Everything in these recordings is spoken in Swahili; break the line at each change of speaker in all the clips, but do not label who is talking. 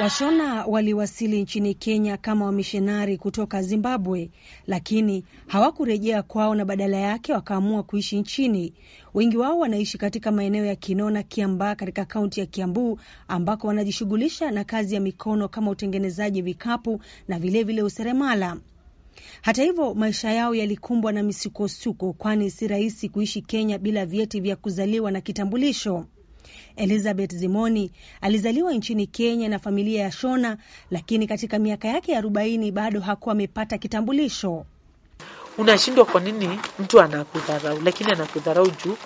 Washona waliwasili nchini Kenya kama wamishonari kutoka Zimbabwe, lakini hawakurejea kwao na badala yake wakaamua kuishi nchini. Wengi wao wanaishi katika maeneo ya Kinona, kiamba katika kaunti ya Kiambu, ambako wanajishughulisha na kazi ya mikono kama utengenezaji vikapu na vilevile useremala. Hata hivyo maisha yao yalikumbwa na misukosuko, kwani si rahisi kuishi Kenya bila vyeti vya kuzaliwa na kitambulisho. Elizabeth Zimoni alizaliwa nchini Kenya na familia ya Shona, lakini katika miaka yake ya arobaini bado hakuwa amepata kitambulisho. Unashindwa kwa nini mtu anakudharau, lakini anakudharau juu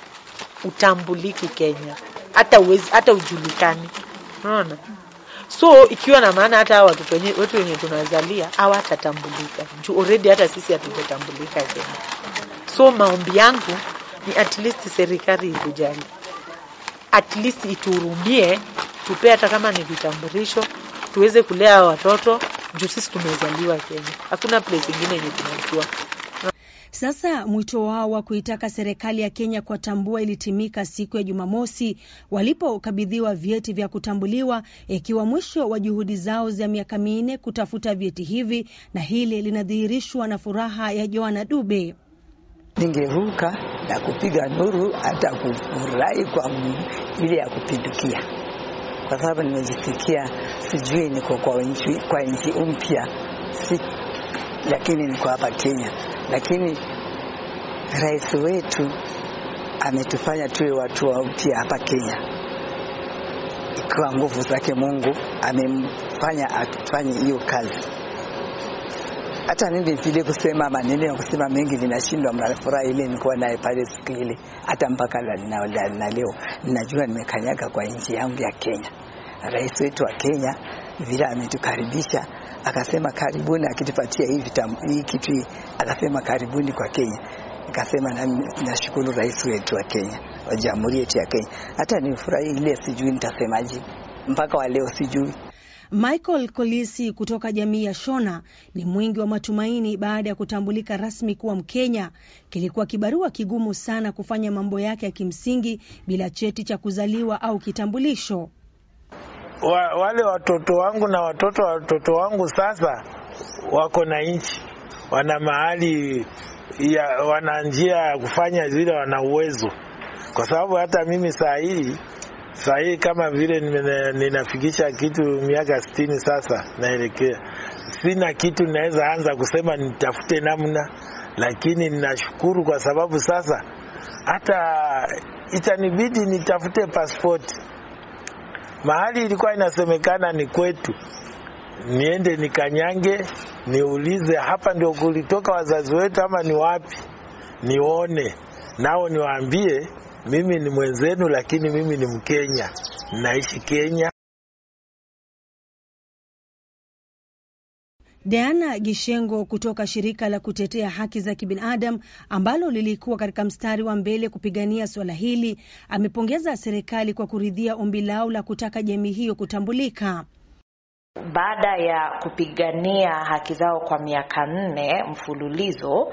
utambuliki Kenya, hata uwezi, hata ujulikani. Unaona, so ikiwa na maana hata hawa watoto wetu wenye tunazalia hawatatambulika juu already hata sisi hatujatambulika Kenya. So maombi yangu ni at least serikali ikujali at least ituhurumie, tupee hata kama ni vitambulisho, tuweze kulea watoto juu sisi tumezaliwa
Kenya, hakuna place ingine yenye tunajua.
Sasa mwito wao wa kuitaka serikali ya Kenya kuwatambua ilitimika siku ya Jumamosi walipokabidhiwa vyeti vya kutambuliwa, ikiwa mwisho wa juhudi zao za miaka minne kutafuta vyeti hivi, na hili linadhihirishwa na furaha ya Joana Dube.
Ningeruka na kupiga nuru hata kufurahi kwa ile ya kupindukia, kwa sababu nimejisikia sijui niko kwa nchi kwa nchi mpya si, lakini niko hapa Kenya, lakini rais wetu ametufanya tuwe watu wa upya hapa Kenya. Ikiwa nguvu zake Mungu amemfanya atufanye hiyo kazi hata mimi vile kusema maneno ya kusema mengi vinashindwa, mnafuraha ile nilikuwa naye pale siku ile, hata mpaka la, na la, na leo ninajua nimekanyaga kwa nchi yangu ya Kenya. Rais wetu wa Kenya vile ametukaribisha akasema karibuni, akitupatia hii vitamu hii kitu, akasema karibuni kwa Kenya. Nikasema nashukuru rais wetu wa Kenya, wa jamhuri yetu ya Kenya. Hata nifurahi ile, sijui nitasemaje mpaka wa leo sijui.
Michael Kolisi kutoka jamii ya Shona ni mwingi wa matumaini baada ya kutambulika rasmi kuwa Mkenya. Kilikuwa kibarua kigumu sana kufanya mambo yake ya kimsingi bila cheti cha kuzaliwa au kitambulisho.
Wa, wale watoto wangu na watoto wa watoto wangu sasa wako na nchi, wana mahali ya, wana njia ya kufanya zile, wana uwezo, kwa sababu hata mimi saa hii sahii kama vile ninafikisha kitu miaka sitini sasa, naelekea, sina kitu naweza anza kusema nitafute namna, lakini ninashukuru kwa sababu sasa hata itanibidi nitafute pasipoti. Mahali ilikuwa inasemekana ni kwetu, niende nikanyange, niulize hapa ndio kulitoka wazazi wetu ama ni wapi, nione nao niwaambie mimi ni mwenzenu, lakini mimi ni Mkenya, naishi Kenya.
Diana Gishengo kutoka shirika la kutetea haki za kibinadamu ambalo lilikuwa katika mstari wa mbele kupigania suala hili amepongeza serikali kwa kuridhia ombi lao la kutaka jamii hiyo kutambulika.
Baada ya kupigania haki zao kwa miaka nne mfululizo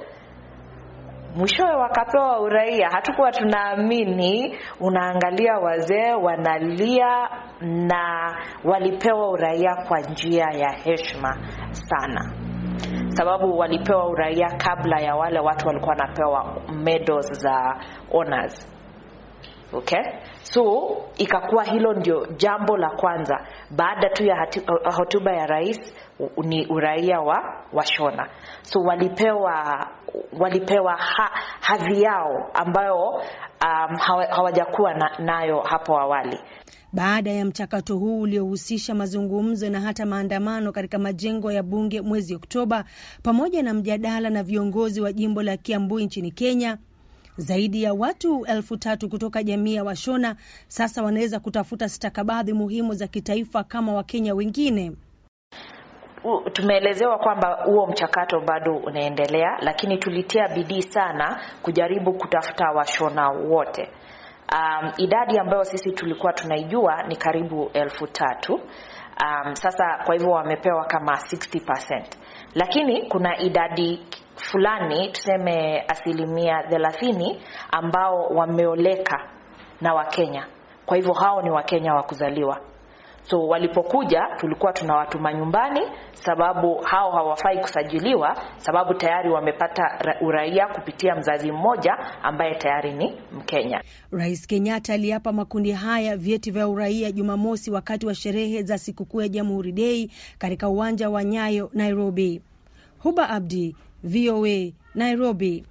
mwishowe wakapewa uraia. Hatukuwa tunaamini, unaangalia wazee wanalia na walipewa uraia kwa njia ya heshma sana, sababu walipewa uraia kabla ya wale watu walikuwa wanapewa medals za honors okay so ikakuwa hilo ndio jambo la kwanza baada tu ya uh, uh, hotuba ya rais ni uraia wa washona so walipewa walipewa ha, hadhi yao ambayo um, hawajakuwa na, nayo hapo awali baada ya
mchakato huu uliohusisha mazungumzo na hata maandamano katika majengo ya bunge mwezi Oktoba pamoja na mjadala na viongozi wa jimbo la Kiambu nchini Kenya zaidi ya watu elfu tatu kutoka jamii ya Washona sasa wanaweza kutafuta stakabadhi muhimu za kitaifa kama Wakenya wengine.
Tumeelezewa kwamba huo mchakato bado unaendelea, lakini tulitia bidii sana kujaribu kutafuta Washona wote. Um, idadi ambayo sisi tulikuwa tunaijua ni karibu elfu tatu um, sasa kwa hivyo wamepewa kama 60%. Lakini kuna idadi fulani tuseme asilimia thelathini ambao wameoleka na Wakenya, kwa hivyo hao ni Wakenya wa kuzaliwa So walipokuja tulikuwa tunawatuma nyumbani, sababu hao hawafai kusajiliwa, sababu tayari wamepata uraia kupitia mzazi mmoja ambaye tayari ni Mkenya.
Rais Kenyatta aliapa makundi haya vyeti vya uraia Jumamosi wakati wa sherehe za sikukuu ya Jamhuri Dei katika uwanja wa Nyayo, Nairobi. Huba Abdi, VOA, Nairobi.